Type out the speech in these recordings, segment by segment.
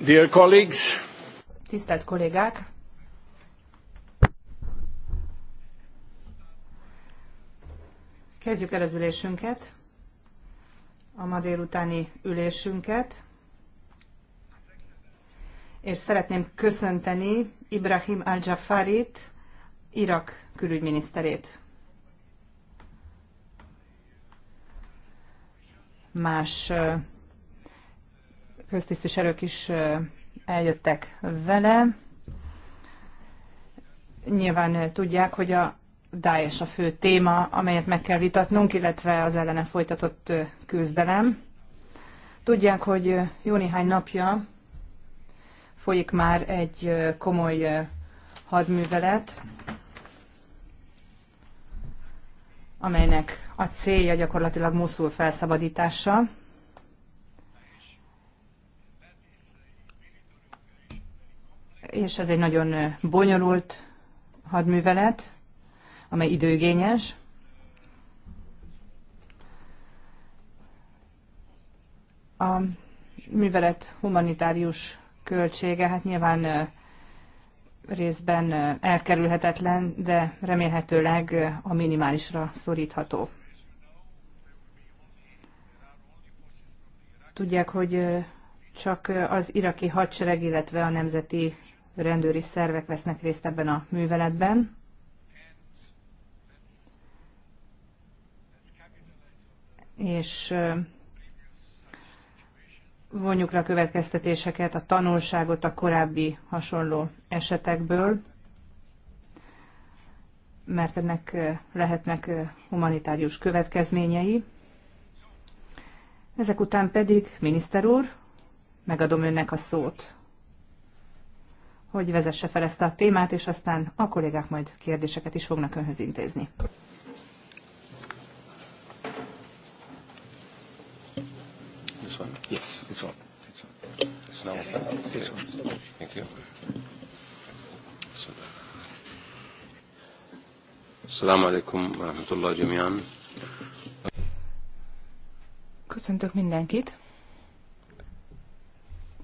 Dear colleagues. Tisztelt kollégák! Kezdjük el az ülésünket, a ma délutáni ülésünket, és szeretném köszönteni Ibrahim al-Jafarit, Irak külügyminiszterét. Más köztisztviselők is eljöttek vele. Nyilván tudják, hogy a Daesh a fő téma, amelyet meg kell vitatnunk, illetve az ellene folytatott küzdelem. Tudják, hogy jó néhány napja folyik már egy komoly hadművelet, amelynek a célja gyakorlatilag Muszul felszabadítása. és ez egy nagyon bonyolult hadművelet, amely időgényes. A művelet humanitárius költsége, hát nyilván részben elkerülhetetlen, de remélhetőleg a minimálisra szorítható. Tudják, hogy csak az iraki hadsereg, illetve a nemzeti rendőri szervek vesznek részt ebben a műveletben. És vonjuk le a következtetéseket, a tanulságot a korábbi hasonló esetekből, mert ennek lehetnek humanitárius következményei. Ezek után pedig, miniszter úr, megadom önnek a szót hogy vezesse fel ezt a témát, és aztán a kollégák majd kérdéseket is fognak önhöz intézni. Assalamu alaikum Köszöntök mindenkit.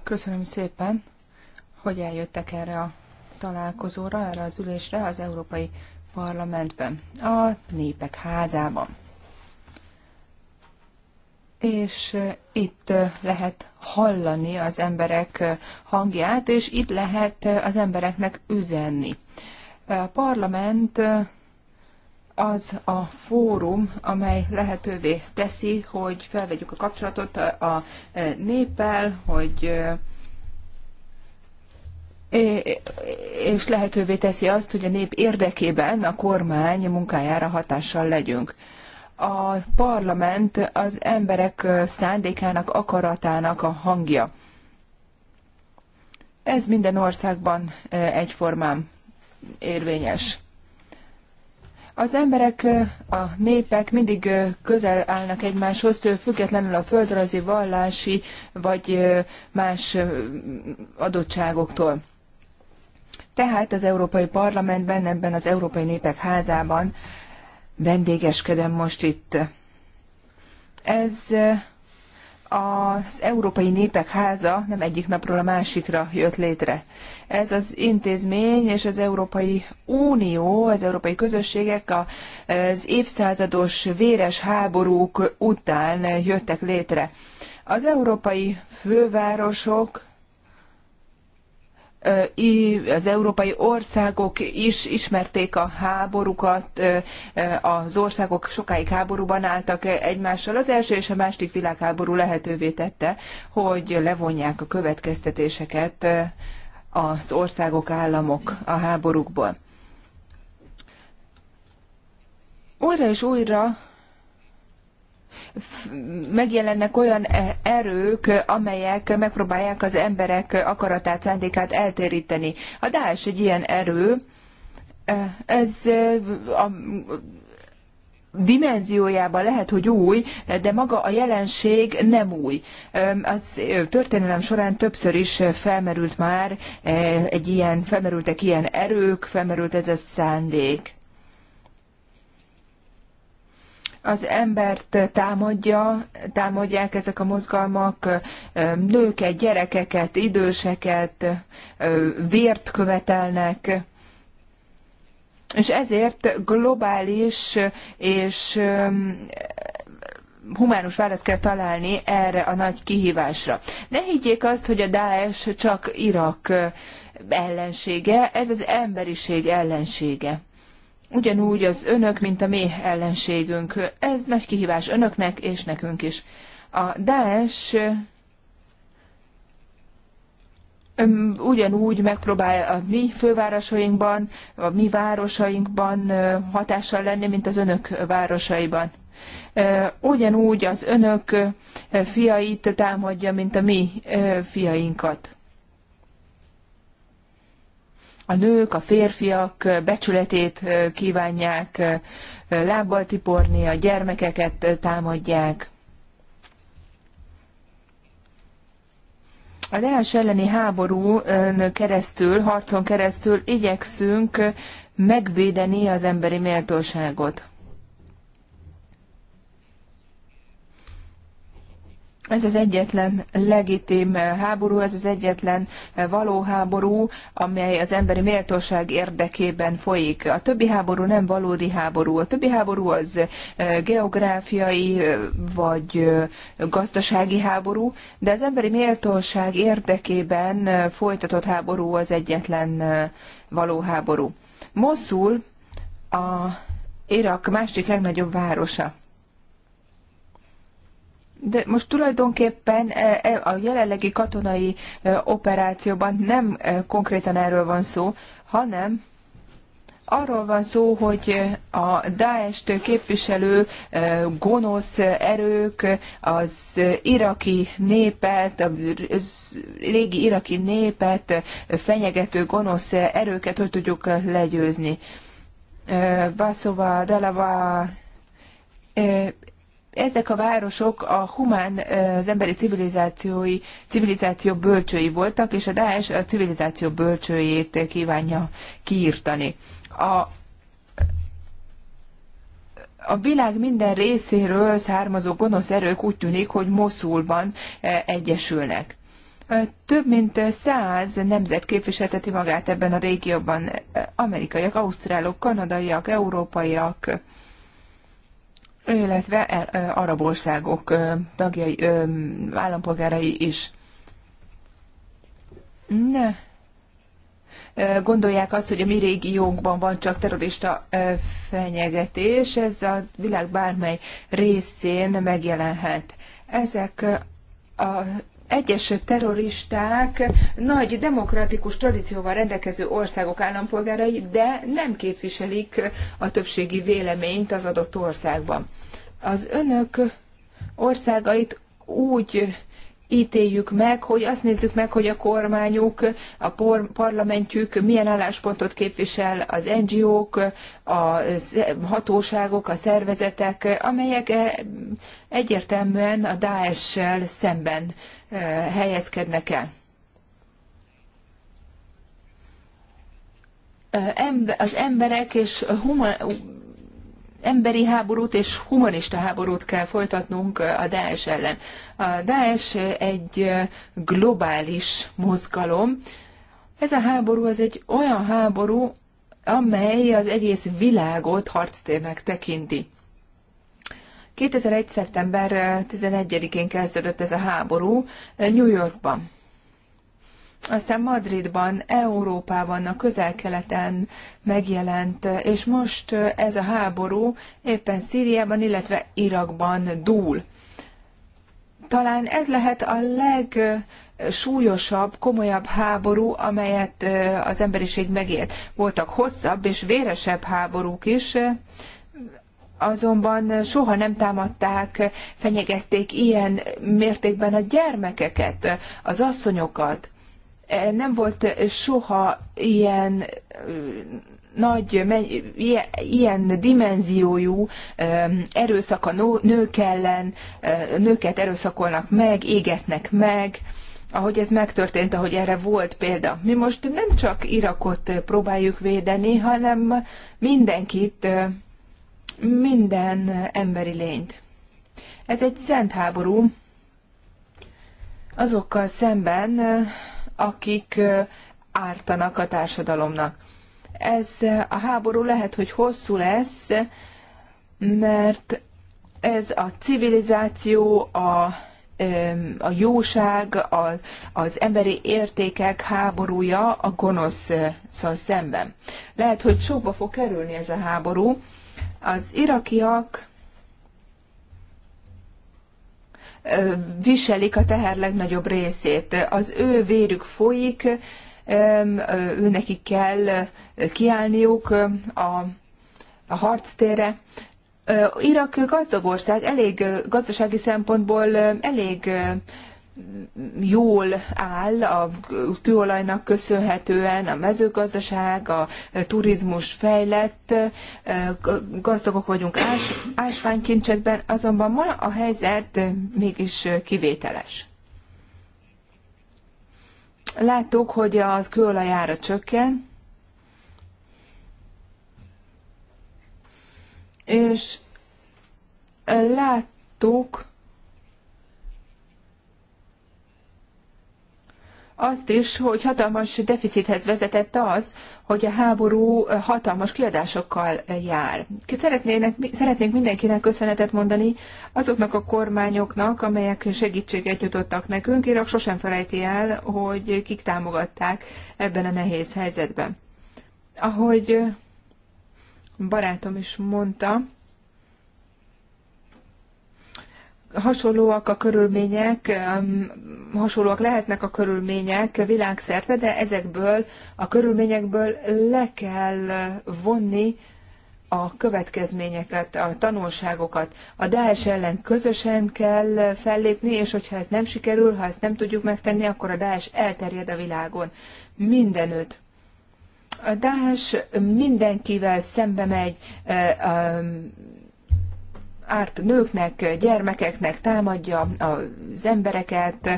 Köszönöm szépen hogy eljöttek erre a találkozóra, erre az ülésre az Európai Parlamentben, a Népek Házában. És eh, itt eh, lehet hallani az emberek eh, hangját, és itt lehet az embereknek üzenni. A parlament az a fórum, amely lehetővé teszi, hogy felvegyük a kapcsolatot a néppel, hogy és lehetővé teszi azt, hogy a nép érdekében a kormány munkájára hatással legyünk. A parlament az emberek szándékának, akaratának a hangja. Ez minden országban e, egyformán érvényes. Az emberek, e, a népek mindig e, közel állnak egymáshoz, függetlenül a földrajzi, vallási vagy más adottságoktól. Tehát az Európai Parlamentben, ebben az Európai Népek Házában vendégeskedem most itt. Ez eh, az Európai Népek Háza nem egyik napról a másikra jött létre. Ez az intézmény és az Európai Unió, az európai közösségek az évszázados véres háborúk után jöttek létre. Az európai fővárosok az európai országok is ismerték a háborúkat, az országok sokáig háborúban álltak egymással. Az első és a második világháború lehetővé tette, hogy levonják a következtetéseket az országok, államok a háborúkból. Újra és újra megjelennek olyan eh, erők, amelyek megpróbálják az emberek akaratát, szándékát eltéríteni. A Daesh egy ilyen erő, eh, ez eh, a dimenziójában lehet, hogy új, de maga a jelenség nem új. Az történelem során többször is felmerült már egy ilyen, felmerültek ilyen erők, felmerült ez a szándék az embert támadja, támadják ezek a mozgalmak, nőket, gyerekeket, időseket, vért követelnek, és ezért globális és humánus választ kell találni erre a nagy kihívásra. Ne higgyék azt, hogy a Daesh csak Irak ellensége, ez az emberiség ellensége ugyanúgy az önök, mint a mi ellenségünk. Ez nagy kihívás önöknek és nekünk is. A Daesh ugyanúgy megpróbál a mi fővárosainkban, a mi városainkban hatással lenni, mint az önök városaiban. Ugyanúgy az önök fiait támadja, mint a mi fiainkat a nők, a férfiak becsületét kívánják lábbal tiporni, a gyermekeket támadják. A leás elleni háborún keresztül, harcon keresztül igyekszünk megvédeni az emberi méltóságot. Ez az egyetlen legitim háború, ez az egyetlen való háború, amely az emberi méltóság érdekében folyik. A többi háború nem valódi háború. A többi háború az eh, geográfiai eh, vagy eh, gazdasági háború, de az emberi méltóság érdekében folytatott háború az egyetlen való háború. Moszul a Irak másik legnagyobb városa de most tulajdonképpen e, e, a jelenlegi katonai e, operációban nem konkrétan erről van szó, hanem arról van szó, hogy a Daest képviselő gonosz erők az iraki népet, a régi iraki népet fenyegető gonosz erőket hogy tudjuk legyőzni. Baszova, Dalava ezek a városok a humán, az emberi civilizációi, civilizáció bölcsői voltak, és a Daesh a civilizáció bölcsőjét kívánja kiírtani. A a világ minden részéről származó gonosz erők úgy tűnik, hogy Moszulban egyesülnek. Több mint száz nemzet képviselteti magát ebben a régióban, amerikaiak, ausztrálok, kanadaiak, európaiak, illetve arab országok tagjai, állampolgárai is. Ne gondolják azt, hogy a mi régiónkban van csak terrorista fenyegetés, ez a világ bármely részén megjelenhet. Ezek a egyes terroristák nagy demokratikus tradícióval rendelkező országok állampolgárai, de nem képviselik a többségi véleményt az adott országban. Az önök országait úgy ítéljük meg, hogy azt nézzük meg, hogy a kormányuk, a parlamentjük milyen álláspontot képvisel az NGO-k, a hatóságok, a szervezetek, amelyek eh, egyértelműen a Daesh-sel szemben helyezkednek el. Az emberek és human, emberi háborút és humanista háborút kell folytatnunk a Daesh ellen. A Daesh egy globális mozgalom. Ez a háború az egy olyan háború, amely az egész világot harctérnek tekinti. 2001. szeptember 11-én kezdődött ez a háború New Yorkban. Aztán Madridban, Európában, a közel-keleten megjelent, és most ez a háború éppen Szíriában, illetve Irakban dúl. Talán ez lehet a leg súlyosabb, komolyabb háború, amelyet az emberiség megélt. Voltak hosszabb és véresebb háborúk is, azonban soha nem támadták, fenyegették ilyen mértékben a gyermekeket, az asszonyokat. E, nem volt soha ilyen nagy, ilyen dimenziójú erőszak a nők ellen, nőket erőszakolnak meg, égetnek meg, ahogy ez megtörtént, ahogy erre volt példa. Mi most nem csak Irakot próbáljuk védeni, hanem mindenkit minden emberi lényt. Ez egy szent háború azokkal szemben, akik ártanak a társadalomnak. Ez a háború lehet, hogy hosszú lesz, mert ez a civilizáció, a, a jóság, a, az emberi értékek háborúja a gonoszszal szemben. Lehet, hogy sokba fog kerülni ez a háború, az irakiak viselik a teher legnagyobb részét. Az ő vérük folyik, ő kell kiállniuk a, a harctérre. Irak gazdag ország, elég gazdasági szempontból elég jól áll a kőolajnak köszönhetően, a mezőgazdaság, a turizmus fejlett, gazdagok vagyunk ás, ásványkincsekben, azonban ma a helyzet mégis kivételes. Láttuk, hogy a kőolajára csökken, és láttuk, azt is, hogy hatalmas deficithez vezetett az, hogy a háború hatalmas kiadásokkal jár. szeretnék mindenkinek köszönetet mondani azoknak a kormányoknak, amelyek segítséget nyújtottak nekünk. Irak sosem felejti el, hogy kik támogatták ebben a nehéz helyzetben. Ahogy barátom is mondta, hasonlóak a körülmények, hasonlóak lehetnek a körülmények világszerte, de ezekből a körülményekből le kell vonni a következményeket, a tanulságokat. A Daesh ellen közösen kell fellépni, és hogyha ez nem sikerül, ha ezt nem tudjuk megtenni, akkor a Daesh elterjed a világon. Mindenütt. A Daesh mindenkivel szembe megy, eh, árt nőknek, gyermekeknek, támadja az embereket,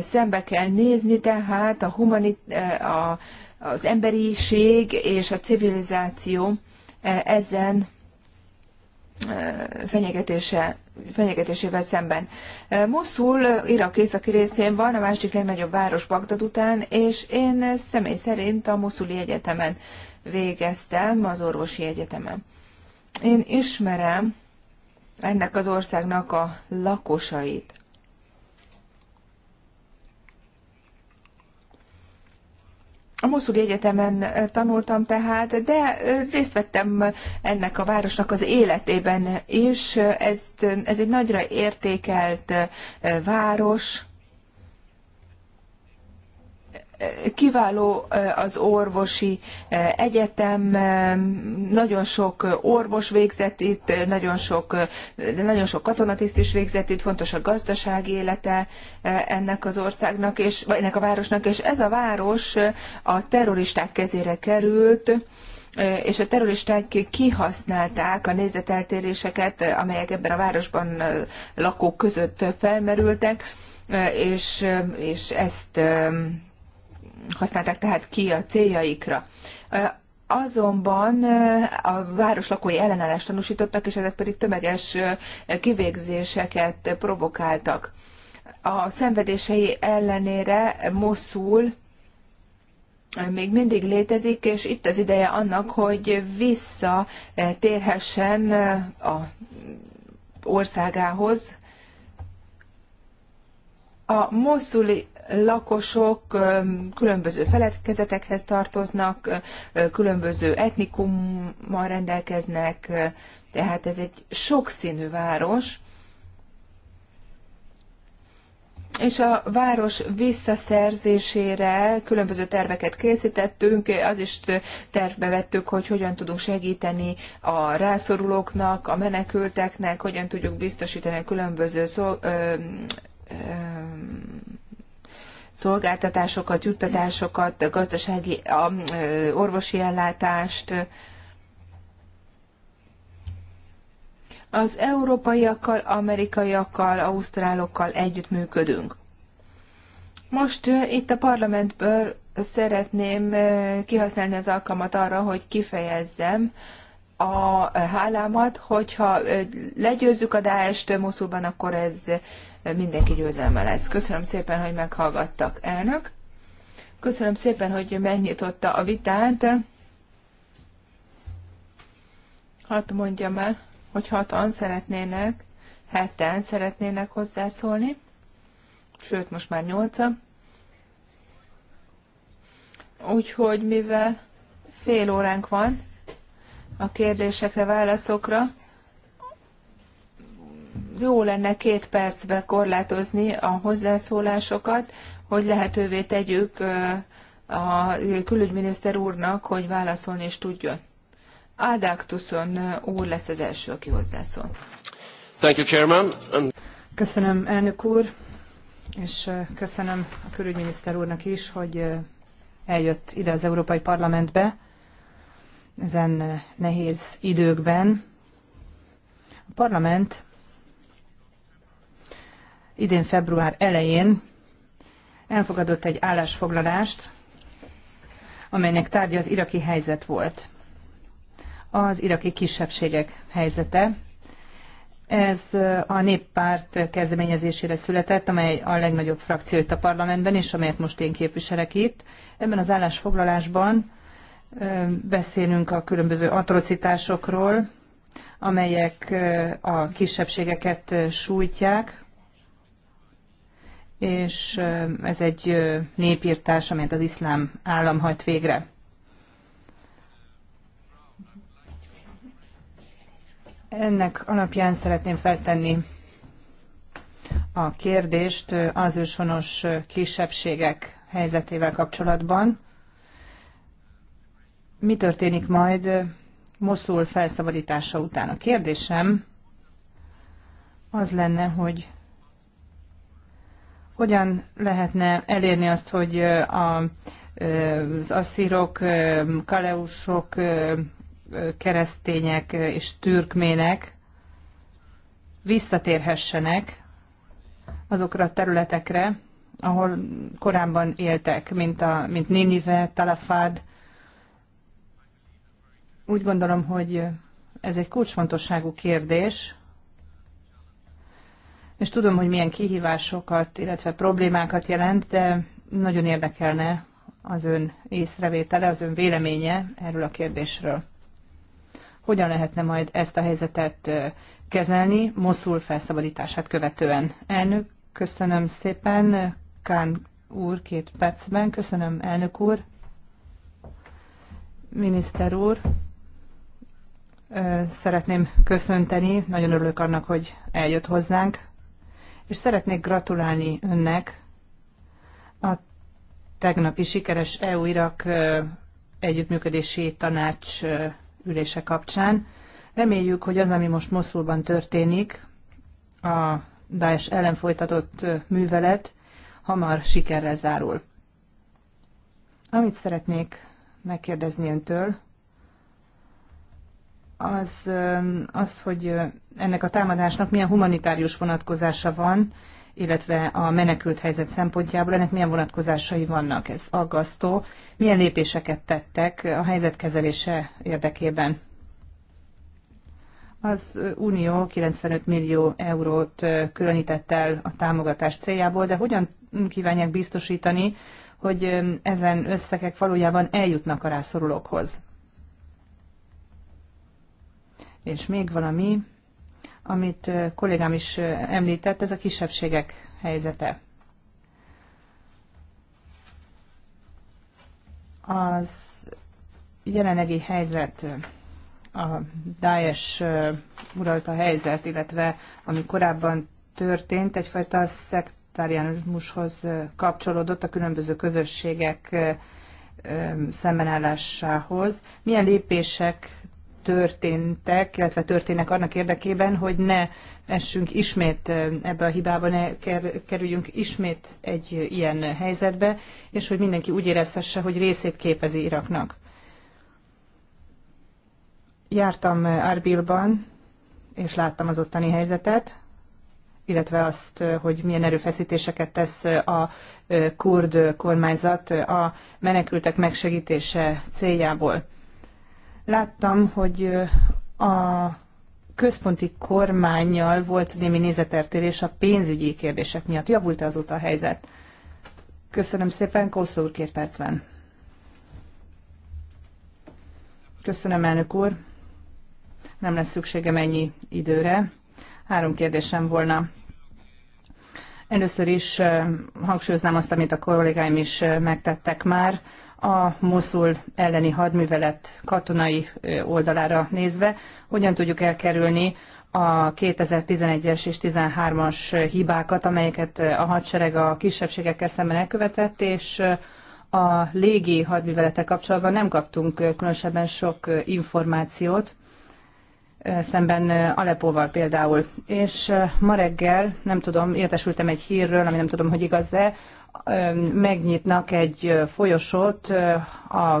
szembe kell nézni tehát a humanit, a, az emberiség és a civilizáció ezen e, fenyegetése, fenyegetésével szemben. E, Moszul, Irak északi részén van, a másik legnagyobb város Bagdad után, és én személy szerint a Moszuli Egyetemen végeztem, az orvosi egyetemen. Én ismerem ennek az országnak a lakosait. A Moszuli Egyetemen tanultam tehát, de részt vettem ennek a városnak az életében is. Ez, ez egy nagyra értékelt város, Kiváló az orvosi egyetem, nagyon sok orvos végzett itt, nagyon sok, nagyon sok katonatiszt is végzett itt, fontos a gazdasági élete ennek az országnak, és, vagy ennek a városnak, és ez a város a terroristák kezére került, és a terroristák kihasználták a nézeteltéréseket, amelyek ebben a városban lakók között felmerültek, és, és ezt használták tehát ki a céljaikra. Azonban a város lakói ellenállást tanúsítottak, és ezek pedig tömeges kivégzéseket provokáltak. A szenvedései ellenére Moszul még mindig létezik, és itt az ideje annak, hogy visszatérhessen a országához. A moszuli lakosok különböző feledkezetekhez tartoznak, különböző etnikummal rendelkeznek, tehát ez egy sokszínű város, és a város visszaszerzésére különböző terveket készítettünk, az is tervbe vettük, hogy hogyan tudunk segíteni a rászorulóknak, a menekülteknek, hogyan tudjuk biztosítani a különböző szol- ö, ö, szolgáltatásokat, juttatásokat, gazdasági, orvosi ellátást, az európaiakkal, amerikaiakkal, ausztrálokkal együttműködünk. Most itt a parlamentből szeretném kihasználni az alkalmat arra, hogy kifejezzem a hálámat, hogyha legyőzzük a Daest Moszulban, akkor ez mindenki győzelme lesz. Köszönöm szépen, hogy meghallgattak, elnök. Köszönöm szépen, hogy megnyitotta a vitát. Hát mondjam el, hogy hatan szeretnének, heten szeretnének hozzászólni, sőt, most már nyolca. Úgyhogy mivel fél óránk van a kérdésekre, válaszokra, jó lenne két percbe korlátozni a hozzászólásokat, hogy lehetővé tegyük a külügyminiszter úrnak, hogy válaszolni is tudjon. Ádáktuszon úr lesz az első, aki hozzászól. Thank you, Chairman. Köszönöm, elnök úr, és köszönöm a külügyminiszter úrnak is, hogy eljött ide az Európai Parlamentbe ezen nehéz időkben. A parlament idén február elején elfogadott egy állásfoglalást, amelynek tárgya az iraki helyzet volt. Az iraki kisebbségek helyzete. Ez a néppárt kezdeményezésére született, amely a legnagyobb frakció itt a parlamentben, és amelyet most én képviselek itt. Ebben az állásfoglalásban beszélünk a különböző atrocitásokról, amelyek a kisebbségeket sújtják, és ez egy népírtás, amelyet az iszlám állam hajt végre. Ennek alapján szeretném feltenni a kérdést az őshonos kisebbségek helyzetével kapcsolatban. Mi történik majd Moszul felszabadítása után? A kérdésem az lenne, hogy hogyan lehetne elérni azt, hogy a, az asszírok, kaleusok, keresztények és türkmének visszatérhessenek azokra a területekre, ahol korábban éltek, mint, a, mint Ninive, Talafád. Úgy gondolom, hogy ez egy kulcsfontosságú kérdés, és tudom, hogy milyen kihívásokat, illetve problémákat jelent, de nagyon érdekelne az ön észrevétele, az ön véleménye erről a kérdésről. Hogyan lehetne majd ezt a helyzetet kezelni Moszul felszabadítását követően? Elnök, köszönöm szépen. Kán úr, két percben. Köszönöm, elnök úr. Miniszter úr, szeretném köszönteni. Nagyon örülök annak, hogy eljött hozzánk és szeretnék gratulálni önnek a tegnapi sikeres EU-Irak együttműködési tanács ülése kapcsán. Reméljük, hogy az, ami most Moszulban történik, a Daesh ellen folytatott művelet hamar sikerrel zárul. Amit szeretnék megkérdezni öntől, az, az, hogy ennek a támadásnak milyen humanitárius vonatkozása van, illetve a menekült helyzet szempontjából ennek milyen vonatkozásai vannak, ez aggasztó. Milyen lépéseket tettek a helyzet kezelése érdekében? Az Unió 95 millió eurót különített el a támogatás céljából, de hogyan kívánják biztosítani, hogy ezen összegek valójában eljutnak a rászorulókhoz? És még valami, amit kollégám is említett, ez a kisebbségek helyzete. Az jelenlegi helyzet, a Daesh uralta helyzet, illetve ami korábban történt, egyfajta szektáriánushoz kapcsolódott a különböző közösségek szembenállásához. Milyen lépések történtek, illetve történnek annak érdekében, hogy ne essünk ismét ebbe a hibába, ne kerüljünk ismét egy ilyen helyzetbe, és hogy mindenki úgy érezhesse, hogy részét képezi Iraknak. Jártam Arbilban, és láttam az ottani helyzetet, illetve azt, hogy milyen erőfeszítéseket tesz a kurd kormányzat a menekültek megsegítése céljából. Láttam, hogy a központi kormányjal volt némi nézetertérés a pénzügyi kérdések miatt. Javult -e azóta a helyzet? Köszönöm szépen, Kószló úr, két percben. Köszönöm, elnök úr. Nem lesz szüksége mennyi időre. Három kérdésem volna. Először is hangsúlyoznám azt, amit a kollégáim is megtettek már a Moszul elleni hadművelet katonai oldalára nézve, hogyan tudjuk elkerülni a 2011-es és 13-as hibákat, amelyeket a hadsereg a kisebbségekkel szemben elkövetett, és a légi hadművelete kapcsolatban nem kaptunk különösebben sok információt, szemben Alepóval például. És ma reggel, nem tudom, értesültem egy hírről, ami nem tudom, hogy igaz-e, megnyitnak egy folyosót a,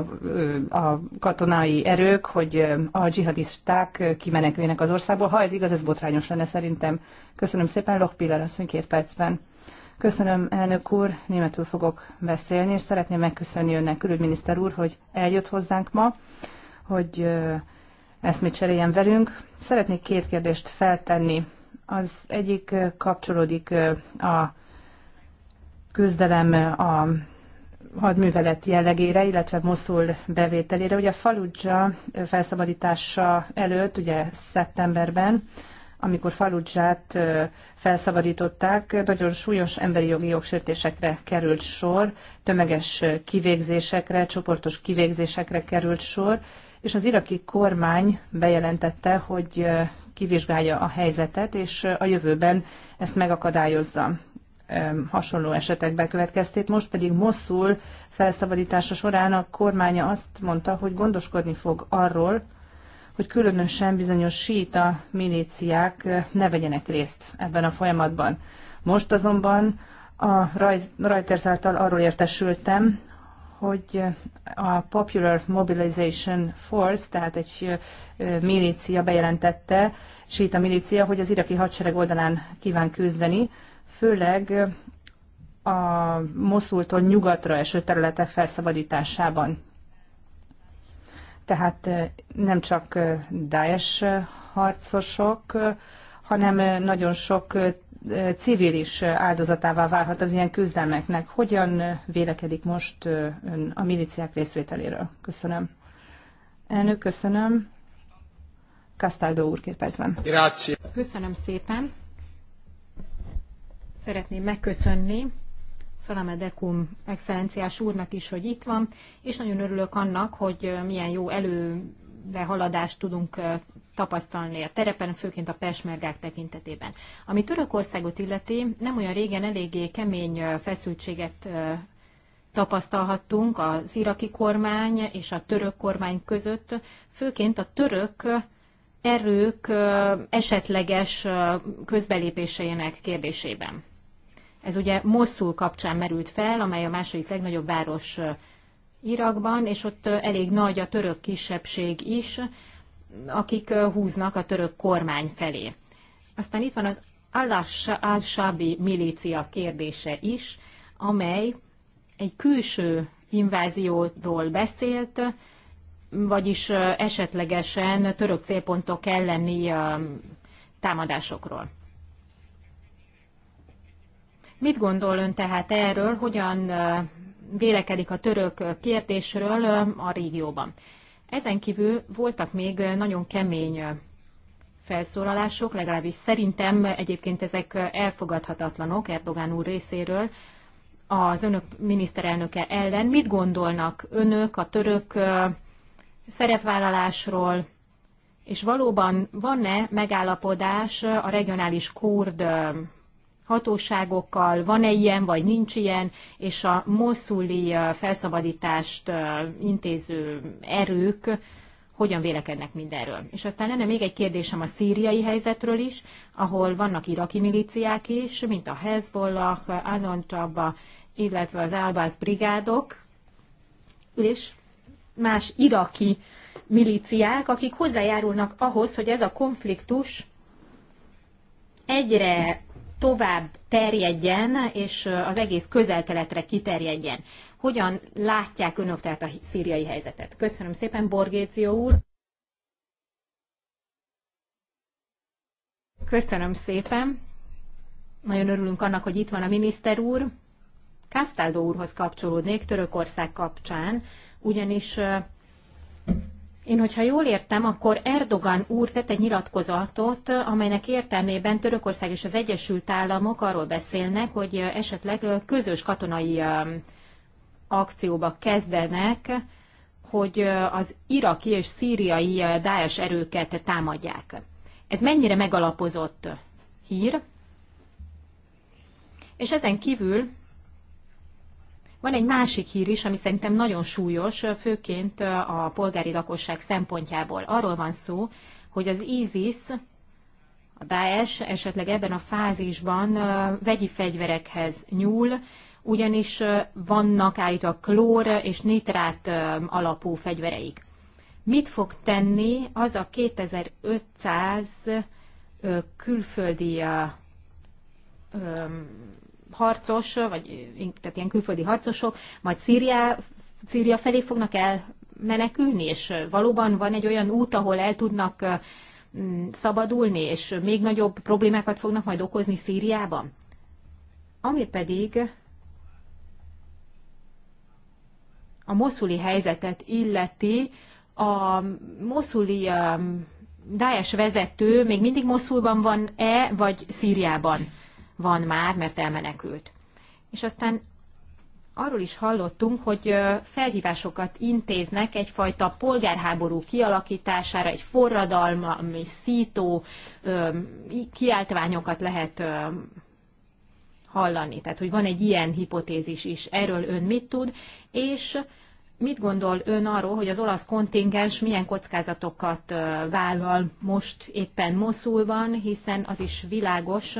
a katonai erők, hogy a dzsihadisták kimenekülnek az országból. Ha ez igaz, ez botrányos lenne szerintem. Köszönöm szépen, Lochpiller asszony két percben. Köszönöm, elnök úr, németül fogok beszélni, és szeretném megköszönni önnek, külügyminiszter úr, hogy eljött hozzánk ma, hogy mit cseréljen velünk. Szeretnék két kérdést feltenni. Az egyik kapcsolódik a küzdelem a hadművelet jellegére, illetve Moszul bevételére. Ugye a Faludzsa felszabadítása előtt, ugye szeptemberben, amikor Faludzsát felszabadították, nagyon súlyos emberi jogi jogsértésekre került sor, tömeges kivégzésekre, csoportos kivégzésekre került sor, és az iraki kormány bejelentette, hogy kivizsgálja a helyzetet, és a jövőben ezt megakadályozza hasonló esetek bekövetkeztét. Most pedig Moszul felszabadítása során a kormánya azt mondta, hogy gondoskodni fog arról, hogy különösen bizonyos síta milíciák eh, ne vegyenek részt ebben a folyamatban. Most azonban a Reuters által arról értesültem, hogy a Popular Mobilization Force, tehát egy eh, milícia bejelentette, síta milícia, hogy az iraki hadsereg oldalán kíván küzdeni, főleg a Moszultól nyugatra eső területek felszabadításában. Tehát nem csak Daesh harcosok, hanem nagyon sok civil is áldozatává válhat az ilyen küzdelmeknek. Hogyan vélekedik most ön a miliciák részvételéről? Köszönöm. Elnök, köszönöm. Kastáldó úr, két percben. Köszönöm szépen. Szeretném megköszönni Szalame Dekum excellenciás úrnak is, hogy itt van, és nagyon örülök annak, hogy milyen jó előre tudunk tapasztalni a terepen, főként a persmergák tekintetében. Ami Törökországot illeti, nem olyan régen eléggé kemény feszültséget tapasztalhattunk az iraki kormány és a török kormány között, főként a török erők esetleges közbelépéseinek kérdésében. Ez ugye Mosszul kapcsán merült fel, amely a második legnagyobb város Irakban, és ott elég nagy a török kisebbség is, akik húznak a török kormány felé. Aztán itt van az al-Shabi milícia kérdése is, amely egy külső invázióról beszélt, vagyis esetlegesen török célpontok elleni támadásokról. Mit gondol ön tehát erről, hogyan vélekedik a török kérdésről a régióban? Ezen kívül voltak még nagyon kemény felszólalások, legalábbis szerintem egyébként ezek elfogadhatatlanok Erdogán úr részéről az önök miniszterelnöke ellen. Mit gondolnak önök a török szerepvállalásról, és valóban van-e megállapodás a regionális kurd hatóságokkal, van-e ilyen, vagy nincs ilyen, és a moszuli felszabadítást intéző erők hogyan vélekednek mindenről. És aztán lenne még egy kérdésem a szíriai helyzetről is, ahol vannak iraki milíciák is, mint a Hezbollah, Csaba, illetve az Albaz brigádok, és más iraki milíciák, akik hozzájárulnak ahhoz, hogy ez a konfliktus egyre tovább terjedjen, és az egész közel-keletre kiterjedjen. Hogyan látják önök tehát a szíriai helyzetet? Köszönöm szépen, Borgézió úr! Köszönöm szépen! Nagyon örülünk annak, hogy itt van a miniszter úr. Kásztáldó úrhoz kapcsolódnék Törökország kapcsán, ugyanis én, hogyha jól értem, akkor Erdogan úr tett egy nyilatkozatot, amelynek értelmében Törökország és az Egyesült Államok arról beszélnek, hogy esetleg közös katonai um, akcióba kezdenek, hogy uh, az iraki és szíriai uh, Daesh erőket támadják. Ez mennyire megalapozott hír? És ezen kívül van egy másik hír is, ami szerintem nagyon súlyos, főként a polgári lakosság szempontjából. Arról van szó, hogy az ISIS, a Daesh esetleg ebben a fázisban vegyi fegyverekhez nyúl, ugyanis vannak állítólag klór és nitrát alapú fegyvereik. Mit fog tenni az a 2500 külföldi harcos, vagy tehát ilyen külföldi harcosok, majd Szíria, Szíria felé fognak elmenekülni, és valóban van egy olyan út, ahol el tudnak mm, szabadulni, és még nagyobb problémákat fognak majd okozni Szíriában? Ami pedig a moszuli helyzetet illeti, a moszuli Daesh vezető még mindig Moszulban van-e, vagy Szíriában? van már, mert elmenekült. És aztán arról is hallottunk, hogy felhívásokat intéznek egyfajta polgárháború kialakítására, egy forradalmi, szító kiáltványokat lehet hallani. Tehát, hogy van egy ilyen hipotézis is, erről ön mit tud, és mit gondol ön arról, hogy az olasz kontingens milyen kockázatokat vállal most éppen Moszulban, hiszen az is világos,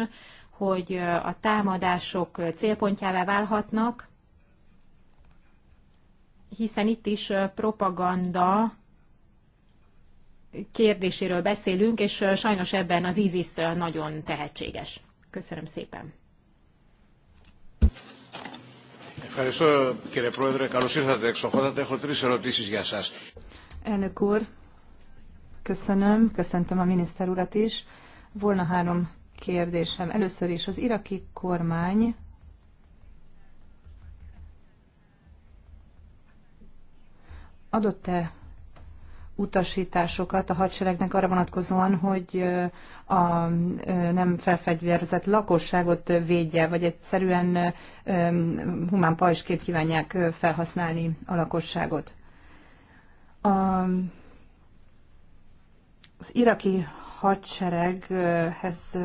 hogy a támadások célpontjává válhatnak, hiszen itt is propaganda kérdéséről beszélünk, és sajnos ebben az ISIS nagyon tehetséges. Köszönöm szépen. Ευχαριστώ κύριε Πρόεδρε. Καλώς ήρθατε εξοχότατε. Έχω τρεις ερωτήσεις για σας. Elnök úr, köszönöm, köszöntöm a miniszter urat is. Volna három kérdésem. Először is az iraki kormány adott-e utasításokat a hadseregnek arra vonatkozóan, hogy a nem felfegyverzett lakosságot védje, vagy egyszerűen humán pajsként kívánják felhasználni a lakosságot. A, az iraki hadsereghez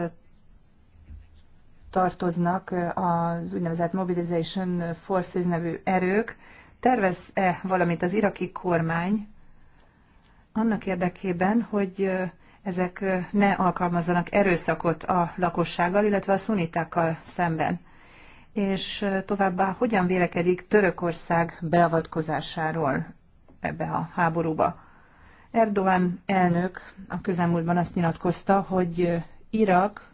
tartoznak az úgynevezett Mobilization Forces nevű erők. Tervez-e valamit az iraki kormány annak érdekében, hogy ezek ne alkalmazzanak erőszakot a lakossággal, illetve a szunitákkal szemben? És továbbá hogyan vélekedik Törökország beavatkozásáról ebbe a háborúba? Erdogan elnök a közelmúltban azt nyilatkozta, hogy Irak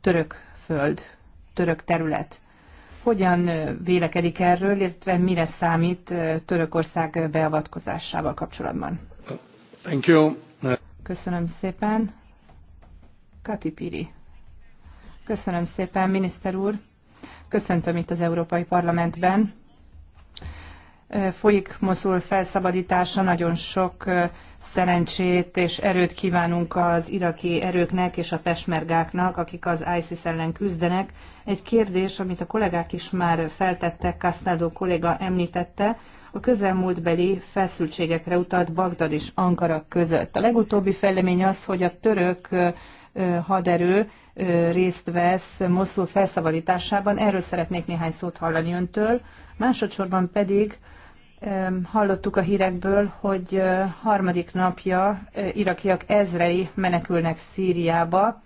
török föld, török terület. Hogyan vélekedik erről, illetve mire számít Törökország beavatkozásával kapcsolatban? Thank you. Köszönöm szépen. Kati Piri. Köszönöm szépen, miniszter úr. Köszöntöm itt az Európai Parlamentben folyik Moszul felszabadítása, nagyon sok szerencsét és erőt kívánunk az iraki erőknek és a pesmergáknak, akik az ISIS ellen küzdenek. Egy kérdés, amit a kollégák is már feltettek, Kasznádó kolléga említette, a közelmúltbeli feszültségekre utalt Bagdad és Ankara között. A legutóbbi fejlemény az, hogy a török haderő részt vesz Moszul felszabadításában. Erről szeretnék néhány szót hallani öntől. Másodszorban pedig hallottuk a hírekből, hogy harmadik napja irakiak ezrei menekülnek Szíriába,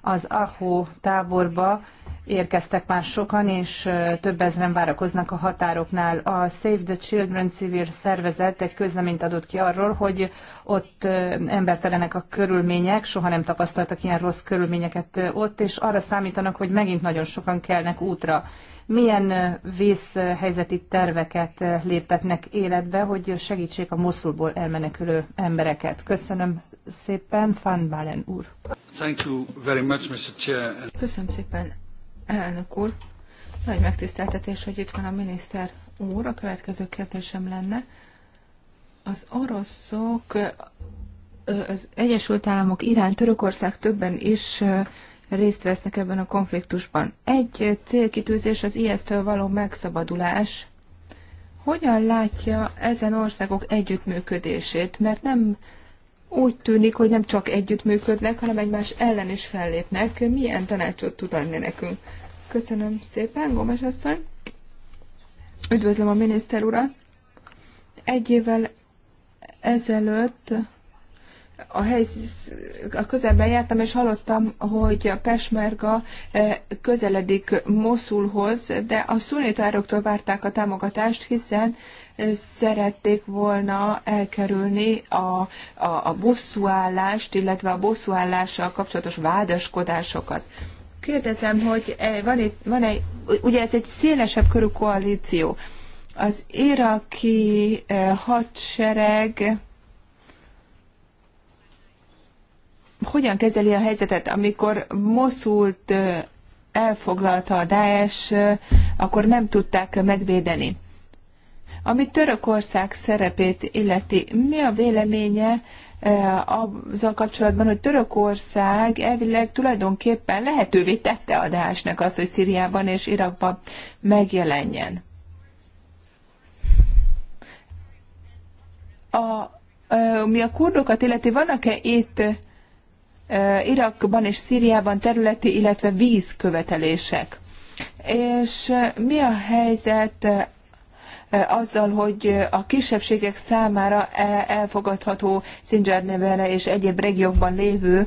az Ahó táborba érkeztek már sokan, és több ezren várakoznak a határoknál. A Save the Children civil szervezet egy közleményt adott ki arról, hogy ott embertelenek a körülmények, soha nem tapasztaltak ilyen rossz körülményeket ott, és arra számítanak, hogy megint nagyon sokan kelnek útra milyen vészhelyzeti terveket léptetnek életbe, hogy segítsék a Moszulból elmenekülő embereket. Köszönöm szépen, Van Balen úr. Thank you very much, Mr. Chair. Köszönöm szépen, elnök úr. Nagy megtiszteltetés, hogy itt van a miniszter úr. A következő kérdésem lenne. Az oroszok az Egyesült Államok Irán, Törökország többen is részt vesznek ebben a konfliktusban. Egy célkitűzés az IS-től való megszabadulás. Hogyan látja ezen országok együttműködését? Mert nem úgy tűnik, hogy nem csak együttműködnek, hanem egymás ellen is fellépnek. Milyen tanácsot tud adni nekünk? Köszönöm szépen, Gomes asszony. Üdvözlöm a miniszter urat. Egy évvel ezelőtt a, helysz, a közelben jártam, és hallottam, hogy a Pesmerga eh, közeledik Moszulhoz, de a szunitároktól várták a támogatást, hiszen eh, szerették volna elkerülni a, a, a bosszúállást, illetve a bosszúállással kapcsolatos vádaskodásokat. Kérdezem, hogy eh, van, itt, van egy, ugye ez egy szélesebb körű koalíció. Az iraki hadsereg hogyan kezeli a helyzetet, amikor Moszult elfoglalta a Daesh, akkor nem tudták megvédeni. Ami Törökország szerepét illeti, mi a véleménye azzal kapcsolatban, hogy Törökország elvileg tulajdonképpen lehetővé tette a Daesh-nek azt, hogy Szíriában és Irakban megjelenjen. A, mi a kurdokat illeti, vannak-e itt Irakban és Szíriában területi, illetve vízkövetelések. És mi a helyzet azzal, hogy a kisebbségek számára elfogadható Szindzsárnevere és egyéb regiókban lévő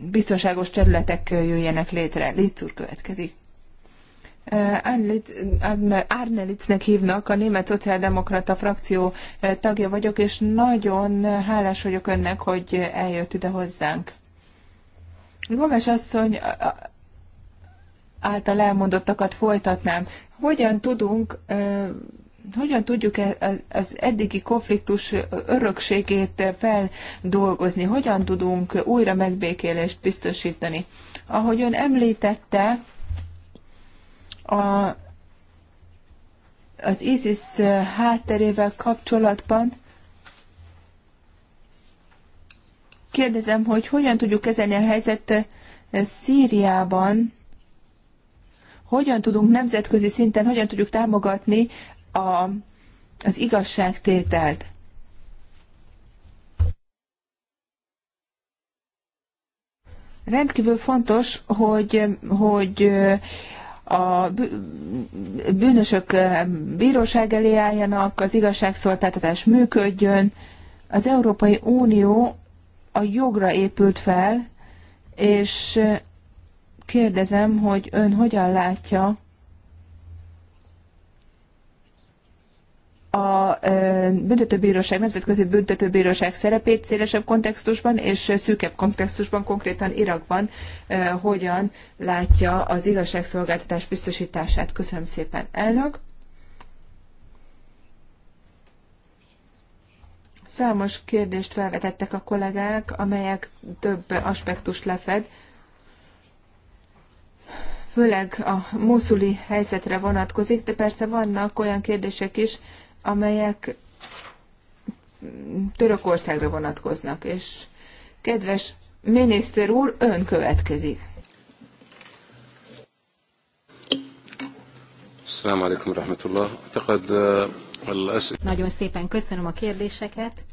biztonságos területek jöjjenek létre. Légy következik. Árnelitznek hívnak, a német szociáldemokrata frakció eh, tagja vagyok, és nagyon hálás vagyok önnek, hogy eljött ide hozzánk. Gomes asszony által elmondottakat folytatnám. Hogyan tudunk eh, hogyan tudjuk e, az eddigi konfliktus örökségét feldolgozni, hogyan tudunk újra megbékélést biztosítani. Ahogy ön említette, a, az ISIS eh, hátterével kapcsolatban kérdezem, hogy hogyan tudjuk kezelni a helyzet eh, Szíriában, hogyan tudunk nemzetközi szinten, hogyan tudjuk támogatni a, az igazságtételt. Rendkívül fontos, hogy, hogy eh, a bűnösök eh, bíróság elé álljanak, az igazságszolgáltatás működjön. Az Európai Unió a jogra épült fel, és eh, kérdezem, hogy ön hogyan látja a büntetőbíróság, nemzetközi büntetőbíróság szerepét szélesebb kontextusban és szűkebb kontextusban, konkrétan Irakban hogyan látja az igazságszolgáltatás biztosítását. Köszönöm szépen, elnök! Számos kérdést felvetettek a kollégák, amelyek több aspektust lefed, főleg a muszuli helyzetre vonatkozik, de persze vannak olyan kérdések is, amelyek Törökországra vonatkoznak, és kedves miniszter úr, ön következik. Uh, Nagyon szépen köszönöm a kérdéseket.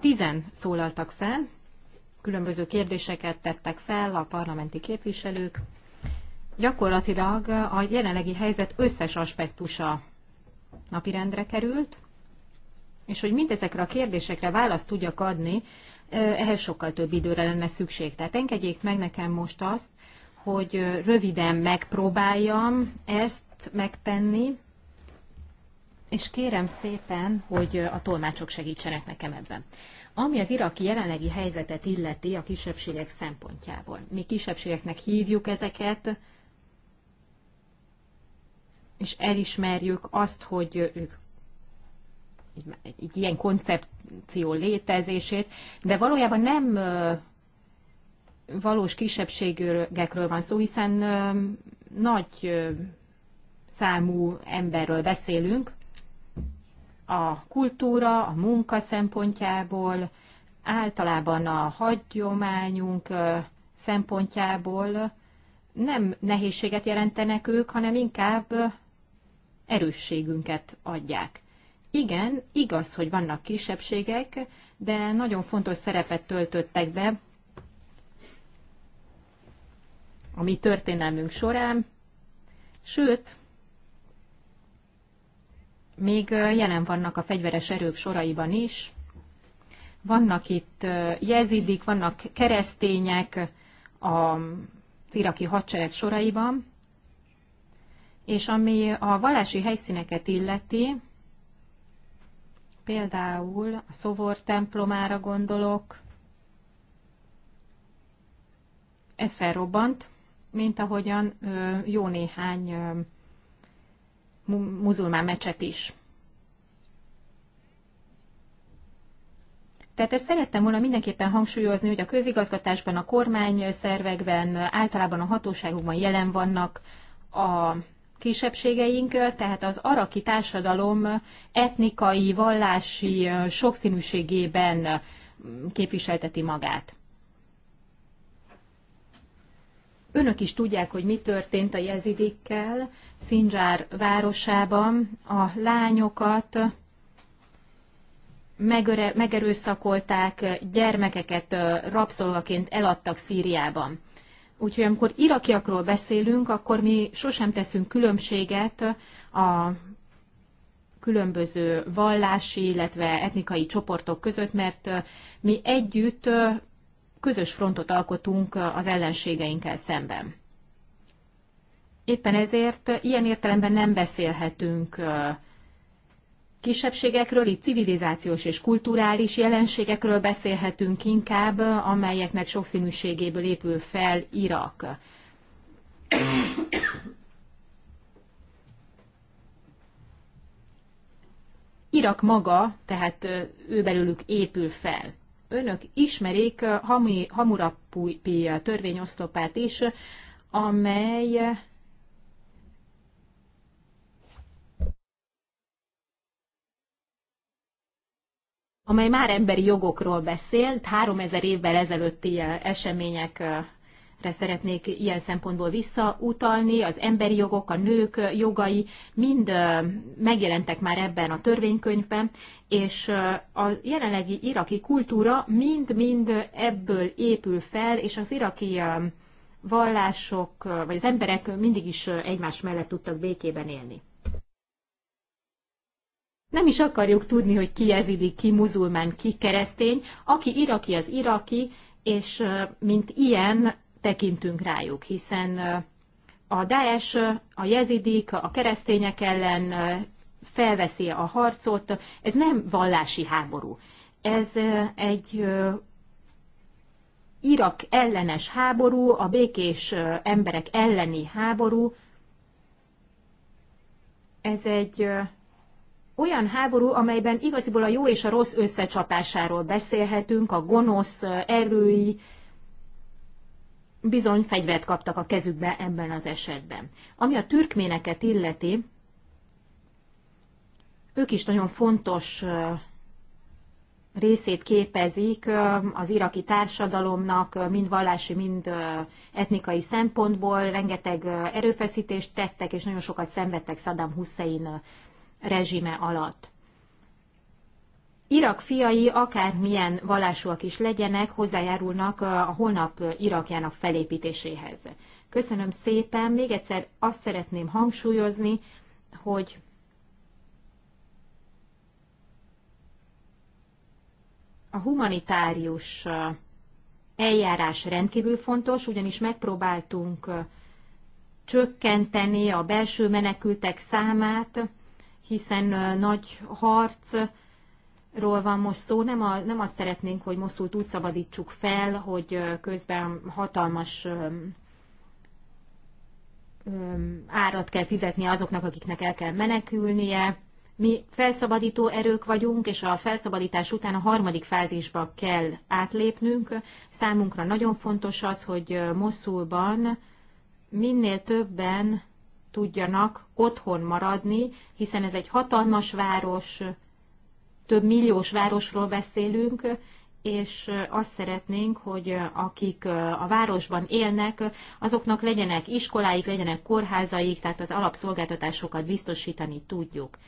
Tizen szólaltak fel, különböző kérdéseket tettek fel a parlamenti képviselők gyakorlatilag a jelenlegi helyzet összes aspektusa napirendre került, és hogy mindezekre a kérdésekre választ tudjak adni, ehhez sokkal több időre lenne szükség. Tehát engedjék meg nekem most azt, hogy röviden megpróbáljam ezt megtenni, és kérem szépen, hogy a tolmácsok segítsenek nekem ebben. Ami az iraki jelenlegi helyzetet illeti a kisebbségek szempontjából. Mi kisebbségeknek hívjuk ezeket, és elismerjük azt, hogy ők egy ilyen koncepció létezését, de valójában nem valós kisebbségekről van szó, hiszen nagy számú emberről beszélünk, a kultúra, a munka szempontjából, általában a hagyományunk szempontjából nem nehézséget jelentenek ők, hanem inkább erősségünket adják. Igen, igaz, hogy vannak kisebbségek, de nagyon fontos szerepet töltöttek be a mi történelmünk során, sőt, még jelen vannak a fegyveres erők soraiban is. Vannak itt jezidik, vannak keresztények a iraki hadsereg soraiban, és ami a valási helyszíneket illeti, például a Szovor templomára gondolok, ez felrobbant, mint ahogyan jó néhány muzulmán mecset is. Tehát ezt szerettem volna mindenképpen hangsúlyozni, hogy a közigazgatásban, a szervekben általában a hatóságokban jelen vannak a kisebbségeink, tehát az araki társadalom etnikai, vallási sokszínűségében képviselteti magát. Önök is tudják, hogy mi történt a jezidikkel Szindzsár városában. A lányokat megerőszakolták, gyermekeket rabszolgaként eladtak Szíriában. Úgyhogy amikor irakiakról beszélünk, akkor mi sosem teszünk különbséget a különböző vallási, illetve etnikai csoportok között, mert mi együtt közös frontot alkotunk az ellenségeinkkel szemben. Éppen ezért ilyen értelemben nem beszélhetünk kisebbségekről, itt civilizációs és kulturális jelenségekről beszélhetünk inkább, amelyeknek sokszínűségéből épül fel Irak. Irak maga, tehát ő belőlük épül fel. Önök ismerik Hamurapi törvényosztopát is, amely amely már emberi jogokról beszél, 3000 évvel ezelőtti eh, eseményekre szeretnék ilyen szempontból visszautalni. Az emberi jogok, a nők eh, jogai mind eh, megjelentek már ebben a törvénykönyvben, és a jelenlegi iraki kultúra mind-mind ebből épül fel, és az iraki vallások, vagy az emberek mindig is egymás mellett tudtak békében élni. Nem is akarjuk tudni, hogy ki jezidi, ki muzulmán, ki keresztény. Aki iraki, az iraki, és mint ilyen tekintünk rájuk, hiszen a Daesh, a jezidik, a keresztények ellen felveszi a harcot. Ez nem vallási háború. Ez egy Irak ellenes háború, a békés emberek elleni háború. Ez egy olyan háború, amelyben igaziból a jó és a rossz összecsapásáról beszélhetünk, a gonosz erői bizony fegyvert kaptak a kezükbe ebben az esetben. Ami a türkméneket illeti, ők is nagyon fontos részét képezik az iraki társadalomnak, mind vallási, mind etnikai szempontból. Rengeteg erőfeszítést tettek, és nagyon sokat szenvedtek Saddam Hussein rezsime alatt. Irak fiai, akármilyen vallásúak is legyenek, hozzájárulnak a holnap Irakjának felépítéséhez. Köszönöm szépen, még egyszer azt szeretném hangsúlyozni, hogy a humanitárius eljárás rendkívül fontos, ugyanis megpróbáltunk csökkenteni a belső menekültek számát, hiszen nagy harcról van most szó. Nem, a, nem azt szeretnénk, hogy Moszult úgy szabadítsuk fel, hogy közben hatalmas árat kell fizetni azoknak, akiknek el kell menekülnie. Mi felszabadító erők vagyunk, és a felszabadítás után a harmadik fázisba kell átlépnünk. Számunkra nagyon fontos az, hogy Moszulban minél többen tudjanak otthon maradni, hiszen ez egy hatalmas város, több milliós városról beszélünk, és azt szeretnénk, hogy akik a városban élnek, azoknak legyenek iskoláik, legyenek kórházaik, tehát az alapszolgáltatásokat biztosítani tudjuk.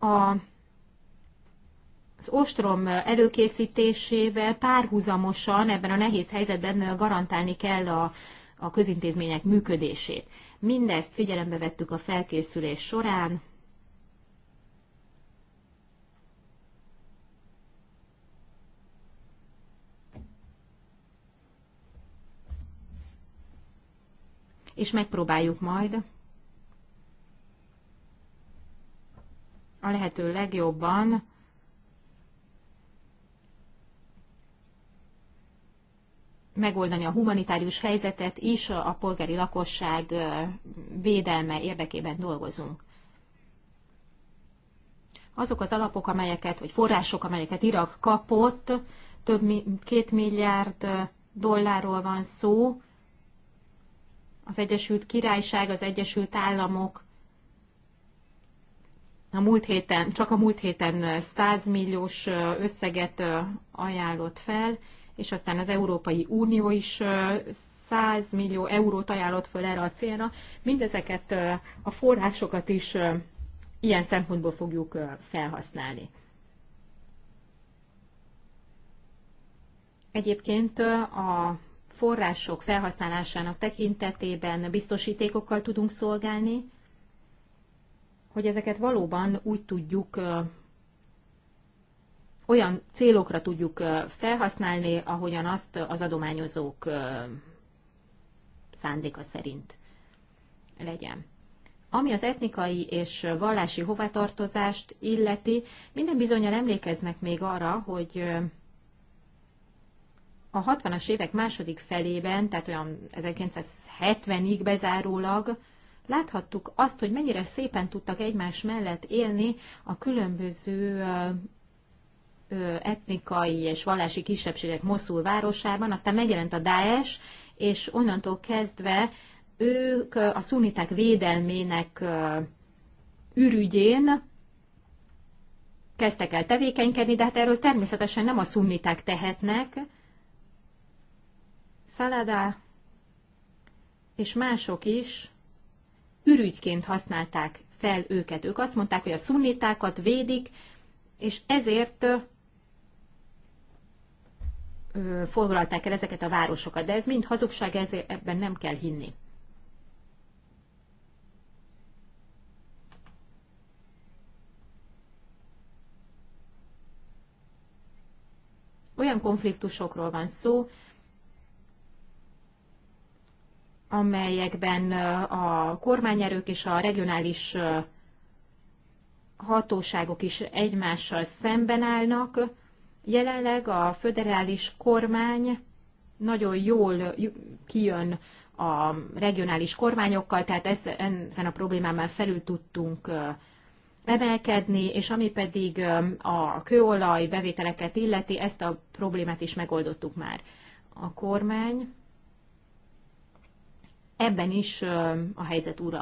A az ostrom előkészítésével párhuzamosan ebben a nehéz helyzetben garantálni kell a, a közintézmények működését. Mindezt figyelembe vettük a felkészülés során, és megpróbáljuk majd a lehető legjobban megoldani a humanitárius helyzetet és a polgári lakosság védelme érdekében dolgozunk. Azok az alapok, amelyeket, vagy források, amelyeket Irak kapott, több mint két milliárd dollárról van szó, az Egyesült Királyság, az Egyesült Államok, a múlt héten, csak a múlt héten 100 milliós összeget ajánlott fel, és aztán az Európai Unió is 100 millió eurót ajánlott föl erre a célra. Mindezeket a forrásokat is ilyen szempontból fogjuk felhasználni. Egyébként a források felhasználásának tekintetében biztosítékokkal tudunk szolgálni, hogy ezeket valóban úgy tudjuk olyan célokra tudjuk felhasználni, ahogyan azt az adományozók szándéka szerint legyen. Ami az etnikai és vallási hovatartozást illeti, minden bizonyal emlékeznek még arra, hogy a 60-as évek második felében, tehát olyan 1970-ig bezárólag, láthattuk azt, hogy mennyire szépen tudtak egymás mellett élni a különböző etnikai és vallási kisebbségek Moszul városában, aztán megjelent a Daesh, és onnantól kezdve ők a szuniták védelmének ürügyén kezdtek el tevékenykedni, de hát erről természetesen nem a szunniták tehetnek. Szaladá és mások is ürügyként használták fel őket. Ők azt mondták, hogy a szunnitákat védik, és ezért foglalták el ezeket a városokat, de ez mind hazugság, ezért ebben nem kell hinni. Olyan konfliktusokról van szó, amelyekben a kormányerők és a regionális hatóságok is egymással szemben állnak, Jelenleg a föderális kormány nagyon jól kijön a regionális kormányokkal, tehát ezen a problémában felül tudtunk emelkedni, és ami pedig a kőolaj bevételeket illeti, ezt a problémát is megoldottuk már. A kormány ebben is a helyzet ura.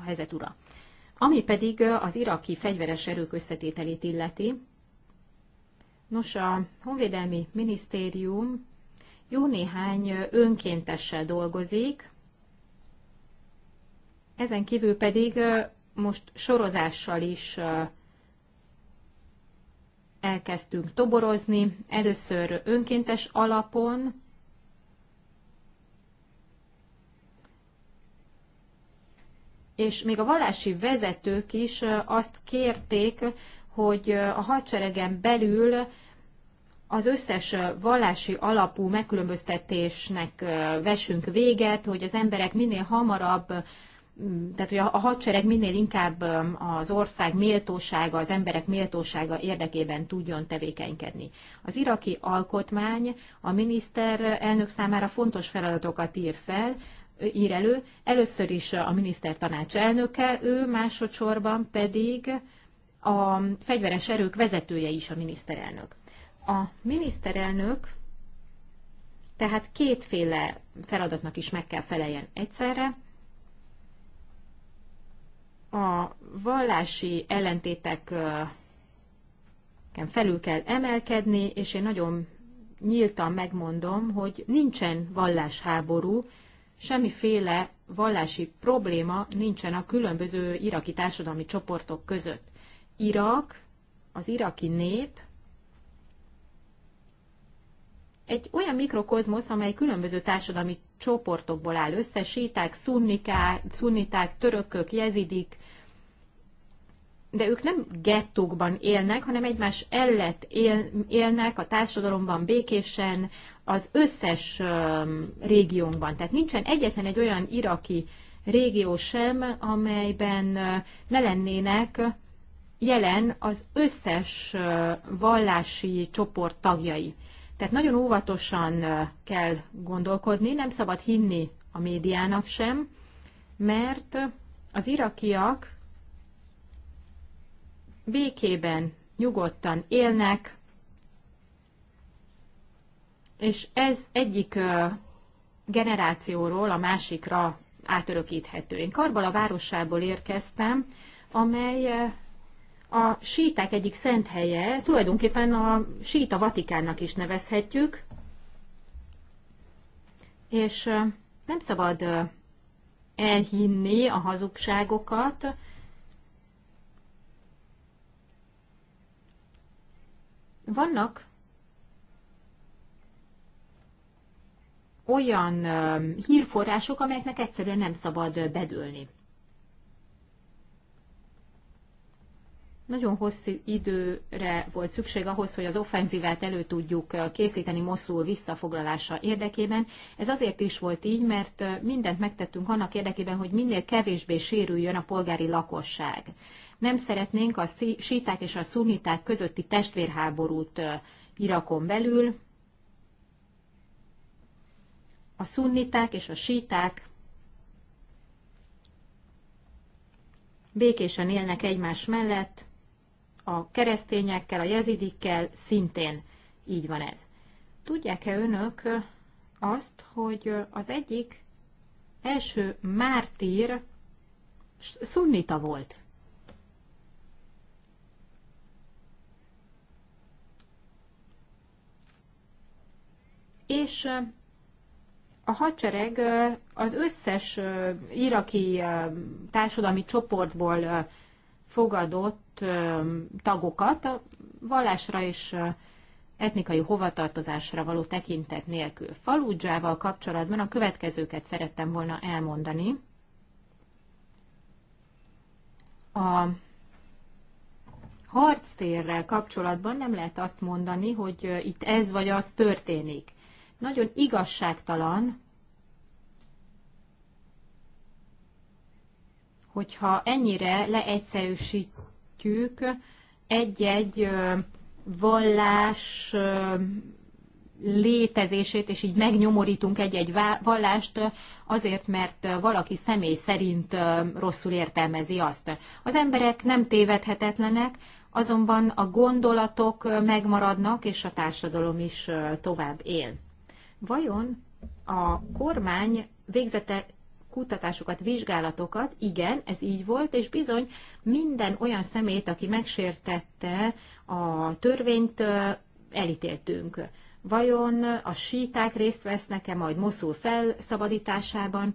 A helyzet ura. Ami pedig az iraki fegyveres erők összetételét illeti, Nos, a Honvédelmi Minisztérium jó néhány önkéntessel dolgozik, ezen kívül pedig most sorozással is elkezdtünk toborozni, először önkéntes alapon, és még a vallási vezetők is azt kérték, hogy a hadseregen belül az összes vallási alapú megkülönböztetésnek vessünk véget, hogy az emberek minél hamarabb, tehát hogy a hadsereg minél inkább az ország méltósága, az emberek méltósága érdekében tudjon tevékenykedni. Az iraki alkotmány a miniszter elnök számára fontos feladatokat ír fel, ír elő. Először is a miniszter tanács elnöke, ő másodszorban pedig a fegyveres erők vezetője is a miniszterelnök. A miniszterelnök tehát kétféle feladatnak is meg kell feleljen egyszerre. A vallási ellentéteken felül kell emelkedni, és én nagyon nyíltan megmondom, hogy nincsen vallásháború, semmiféle vallási probléma nincsen a különböző iraki társadalmi csoportok között. Irak, az iraki nép egy olyan mikrokozmosz, amely különböző társadalmi csoportokból áll össze, síták, szunniták, törökök, jezidik, de ők nem gettókban élnek, hanem egymás ellet él, élnek a társadalomban békésen, az összes um, régiónkban. Tehát nincsen egyetlen egy olyan iraki régió sem, amelyben uh, ne lennének jelen az összes vallási csoport tagjai. Tehát nagyon óvatosan kell gondolkodni, nem szabad hinni a médiának sem, mert az irakiak békében, nyugodtan élnek, és ez egyik generációról a másikra átörökíthető. Én Karbala városából érkeztem, amely a síták egyik szent helye, tulajdonképpen a síta Vatikánnak is nevezhetjük, és nem szabad elhinni a hazugságokat, vannak olyan hírforrások, amelyeknek egyszerűen nem szabad bedőlni. Nagyon hosszú időre volt szükség ahhoz, hogy az offenzívát elő tudjuk eh, készíteni Moszul visszafoglalása érdekében. Ez azért is volt így, mert eh, mindent megtettünk annak érdekében, hogy minél kevésbé sérüljön a polgári lakosság. Nem szeretnénk a síták és a szuniták közötti testvérháborút eh, Irakon belül. A szunniták és a síták békésen élnek egymás mellett, a keresztényekkel, a jezidikkel szintén így van ez. Tudják-e önök azt, hogy az egyik első mártír szunnita volt? És a hadsereg az összes iraki társadalmi csoportból fogadott tagokat a vallásra és etnikai hovatartozásra való tekintet nélkül. Faludzsával kapcsolatban a következőket szerettem volna elmondani. A harctérrel kapcsolatban nem lehet azt mondani, hogy itt ez vagy az történik. Nagyon igazságtalan hogyha ennyire leegyszerűsítjük egy-egy vallás létezését, és így megnyomorítunk egy-egy vallást azért, mert valaki személy szerint rosszul értelmezi azt. Az emberek nem tévedhetetlenek, azonban a gondolatok megmaradnak, és a társadalom is tovább él. Vajon a kormány végzete kutatásokat, vizsgálatokat, igen, ez így volt, és bizony minden olyan szemét, aki megsértette a törvényt, elítéltünk. Vajon a síták részt vesznek-e majd Moszul felszabadításában?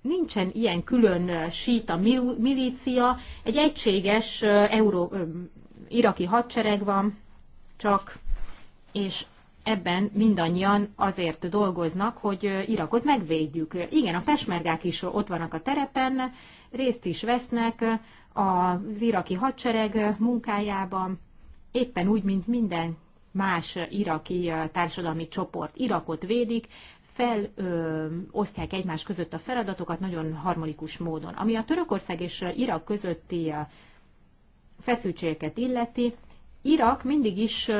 Nincsen ilyen külön síta milícia, egy egységes euró, iraki hadsereg van csak, és ebben mindannyian azért dolgoznak, hogy Irakot megvédjük. Igen, a pesmergák is ott vannak a terepen, részt is vesznek az iraki hadsereg munkájában, éppen úgy, mint minden más iraki társadalmi csoport. Irakot védik, felosztják egymás között a feladatokat nagyon harmonikus módon. Ami a Törökország és Irak közötti feszültségeket illeti, Irak mindig is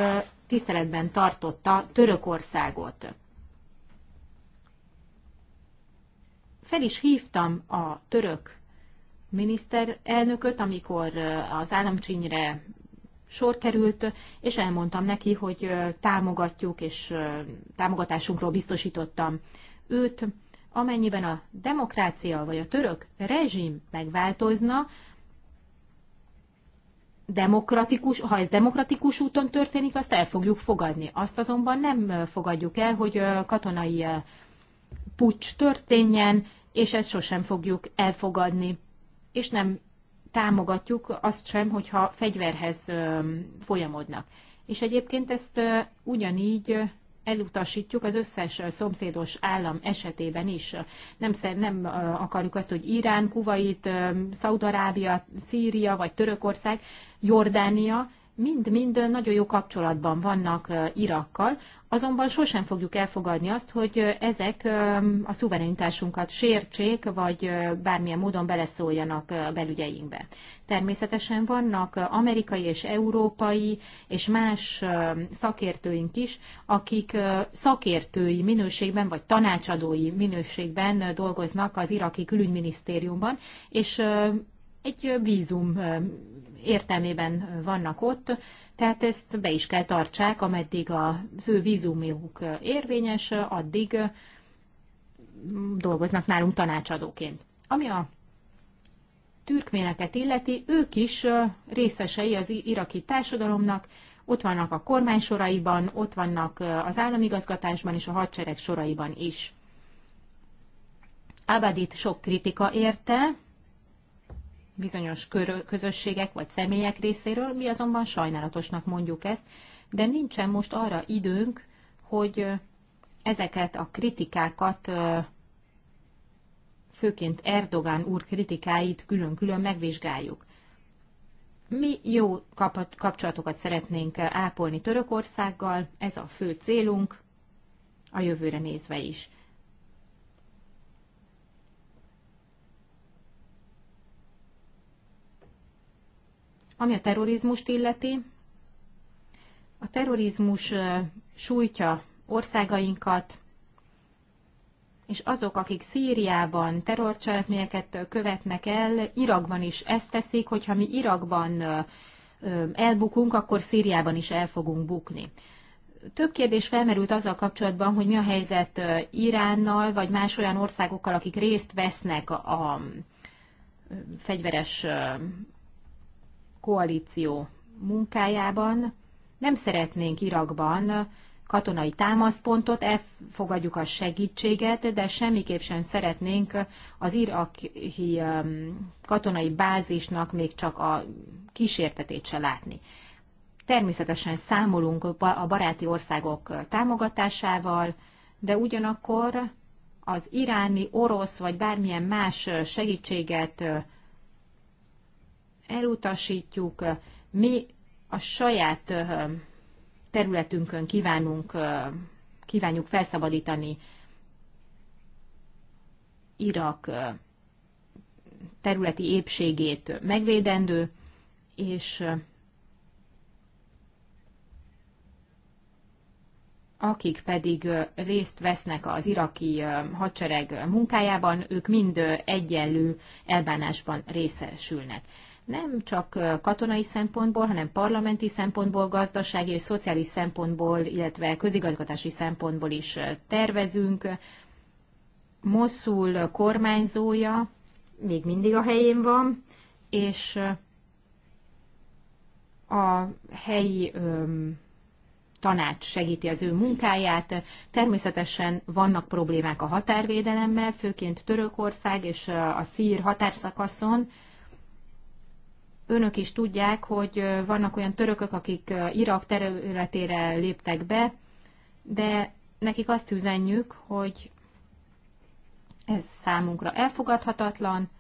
tiszteletben tartotta Törökországot. Fel is hívtam a török miniszterelnököt, amikor az államcsínyre sor került, és elmondtam neki, hogy támogatjuk, és támogatásunkról biztosítottam őt. Amennyiben a demokrácia vagy a török rezsim megváltozna, demokratikus, ha ez demokratikus úton történik, azt el fogjuk fogadni. Azt azonban nem fogadjuk el, hogy katonai pucs történjen, és ezt sosem fogjuk elfogadni. És nem támogatjuk azt sem, hogyha fegyverhez folyamodnak. És egyébként ezt ugyanígy elutasítjuk az összes szomszédos állam esetében is. Nem, nem akarjuk azt, hogy Irán, Kuwait, Szaudarábia, Szíria vagy Törökország, Jordánia mind-mind nagyon jó kapcsolatban vannak Irakkal, azonban sosem fogjuk elfogadni azt, hogy ezek a szuverenitásunkat sértsék, vagy bármilyen módon beleszóljanak a belügyeinkbe. Természetesen vannak amerikai és európai és más szakértőink is, akik szakértői minőségben vagy tanácsadói minőségben dolgoznak az iraki külügyminisztériumban, és egy vízum értelmében vannak ott, tehát ezt be is kell tartsák, ameddig az ő vízumjuk érvényes, addig dolgoznak nálunk tanácsadóként. Ami a türkméneket illeti, ők is részesei az iraki társadalomnak, ott vannak a kormány soraiban, ott vannak az államigazgatásban és a hadsereg soraiban is. Abadit sok kritika érte, bizonyos közösségek vagy személyek részéről, mi azonban sajnálatosnak mondjuk ezt, de nincsen most arra időnk, hogy ezeket a kritikákat, főként Erdogán úr kritikáit külön-külön megvizsgáljuk. Mi jó kapcsolatokat szeretnénk ápolni Törökországgal, ez a fő célunk, a jövőre nézve is. Ami a terrorizmust illeti, a terrorizmus sújtja országainkat, és azok, akik Szíriában terrorcselekményeket követnek el, Irakban is ezt teszik, hogyha mi Irakban elbukunk, akkor Szíriában is el fogunk bukni. Több kérdés felmerült azzal kapcsolatban, hogy mi a helyzet Iránnal, vagy más olyan országokkal, akik részt vesznek a fegyveres koalíció munkájában. Nem szeretnénk Irakban katonai támaszpontot, elfogadjuk a segítséget, de semmiképp sem szeretnénk az iraki um, katonai bázisnak még csak a kísértetét se látni. Természetesen számolunk a baráti országok támogatásával, de ugyanakkor az iráni, orosz vagy bármilyen más segítséget elutasítjuk, mi a saját területünkön kívánunk, kívánjuk felszabadítani Irak területi épségét megvédendő, és akik pedig részt vesznek az iraki hadsereg munkájában, ők mind egyenlő elbánásban részesülnek nem csak katonai szempontból, hanem parlamenti szempontból, gazdasági és szociális szempontból, illetve közigazgatási szempontból is tervezünk. Mosszul kormányzója még mindig a helyén van, és a helyi tanács segíti az ő munkáját. Természetesen vannak problémák a határvédelemmel, főként Törökország és a szír határszakaszon, önök is tudják, hogy vannak olyan törökök, akik Irak területére léptek be, de nekik azt üzenjük, hogy ez számunkra elfogadhatatlan,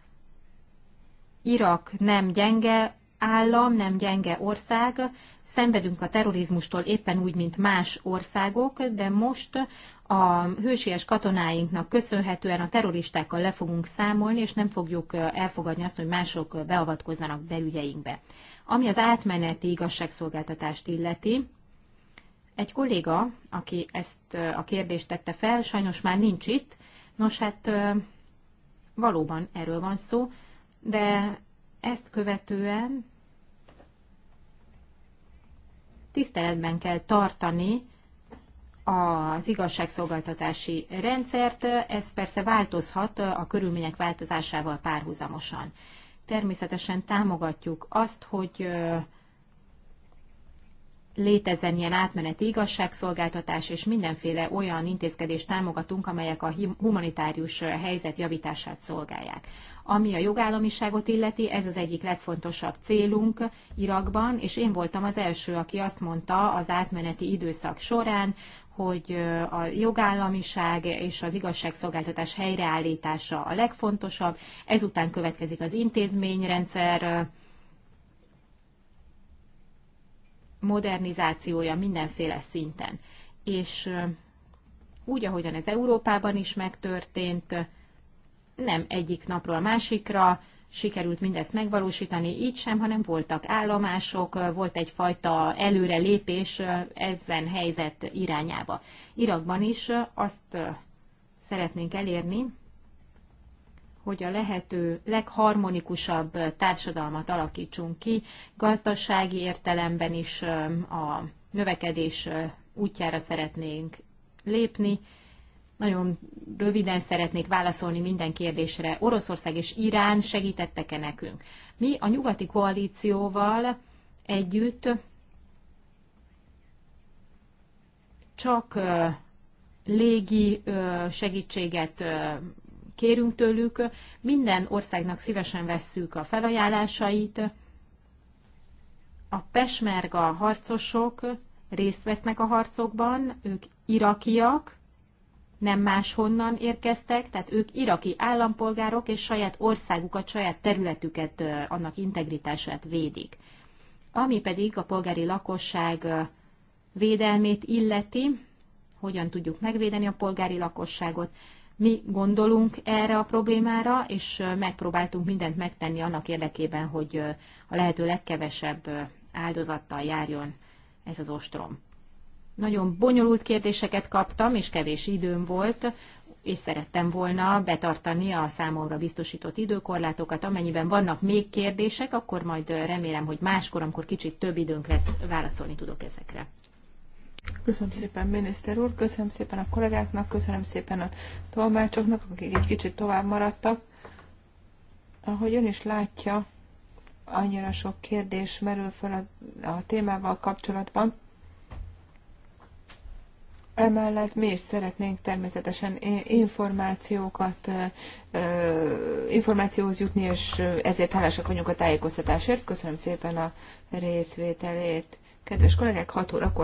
Irak nem gyenge, állam, nem gyenge ország, szenvedünk a terrorizmustól éppen úgy, mint más országok, de most a hősies katonáinknak köszönhetően a terroristákkal le fogunk számolni, és nem fogjuk elfogadni azt, hogy mások beavatkozzanak belügyeinkbe. Ami az átmeneti igazságszolgáltatást illeti, egy kolléga, aki ezt a kérdést tette fel, sajnos már nincs itt. Nos, hát valóban erről van szó, de ezt követően tiszteletben kell tartani az igazságszolgáltatási rendszert, ez persze változhat a körülmények változásával párhuzamosan. Természetesen támogatjuk azt, hogy létezzen ilyen átmeneti igazságszolgáltatás, és mindenféle olyan intézkedést támogatunk, amelyek a humanitárius helyzet javítását szolgálják. Ami a jogállamiságot illeti, ez az egyik legfontosabb célunk Irakban, és én voltam az első, aki azt mondta az átmeneti időszak során, hogy a jogállamiság és az igazságszolgáltatás helyreállítása a legfontosabb, ezután következik az intézményrendszer modernizációja mindenféle szinten. És úgy, ahogyan ez Európában is megtörtént, nem egyik napról a másikra sikerült mindezt megvalósítani, így sem, hanem voltak állomások, volt egyfajta előrelépés ezen helyzet irányába. Irakban is azt szeretnénk elérni, hogy a lehető legharmonikusabb társadalmat alakítsunk ki, gazdasági értelemben is a növekedés útjára szeretnénk lépni, nagyon röviden szeretnék válaszolni minden kérdésre. Oroszország és Irán segítettek-e nekünk? Mi a nyugati koalícióval együtt csak légi segítséget kérünk tőlük. Minden országnak szívesen vesszük a felajánlásait. A pesmerga harcosok részt vesznek a harcokban, ők irakiak, nem máshonnan érkeztek, tehát ők iraki állampolgárok, és saját országukat, saját területüket, annak integritását védik. Ami pedig a polgári lakosság védelmét illeti, hogyan tudjuk megvédeni a polgári lakosságot, mi gondolunk erre a problémára, és megpróbáltunk mindent megtenni annak érdekében, hogy a lehető legkevesebb áldozattal járjon ez az ostrom. Nagyon bonyolult kérdéseket kaptam, és kevés időm volt, és szerettem volna betartani a számomra biztosított időkorlátokat. Amennyiben vannak még kérdések, akkor majd remélem, hogy máskor, amikor kicsit több időnk lesz, válaszolni tudok ezekre. Köszönöm szépen, miniszter úr, köszönöm szépen a kollégáknak, köszönöm szépen a tolmácsoknak, akik egy kicsit tovább maradtak. Ahogy ön is látja, annyira sok kérdés merül fel a, a témával kapcsolatban, Emellett mi is szeretnénk természetesen információkat, információhoz jutni, és ezért hálásak vagyunk a tájékoztatásért. Köszönöm szépen a részvételét. Kedves kollégák, 6 órakor